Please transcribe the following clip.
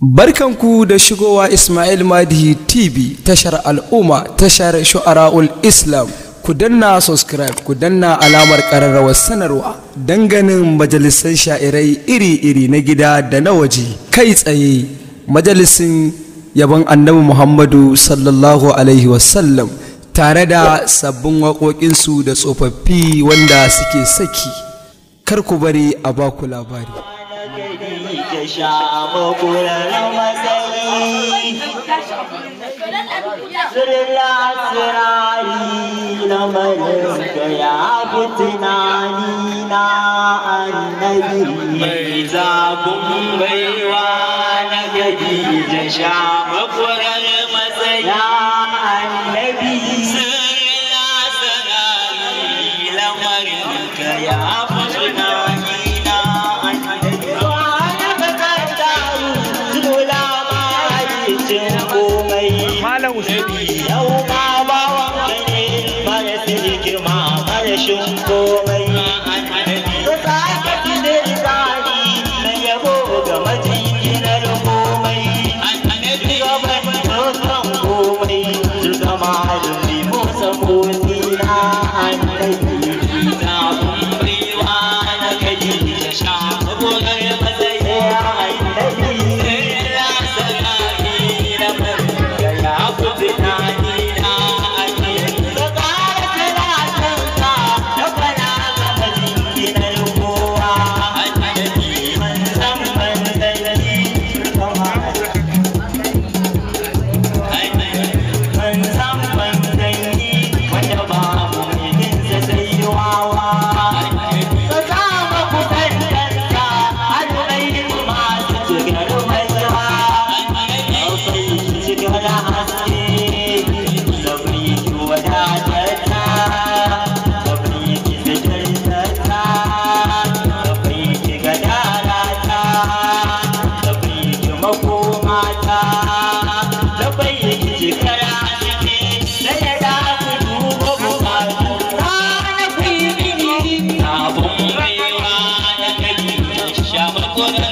Barkanku da shigowa Ismail Madihi TV tashar al'umma tashar shu'ara'ul Islam ku danna subscribe ku danna alamar ƙararrawar sanarwa danganin majalisar sha'irai iri-iri na gida da na waje kai tsaye majalisin yabon annabi Muhammadu sallallahu alaihi wasallam tare da sabbin waƙoƙinsu da tsofaffi wanda suke saki kar ku bari a baku labari. samu kuraren matsayi Sirin lasirari lamarin ka ya tunani na annabi Zabun baiwa na gadi da samu kuraren matsayi Sirin lasirari lamarin ka ya fi tunani musulmi yau ma bawa ne ba ya girma ba ya komai. Amor.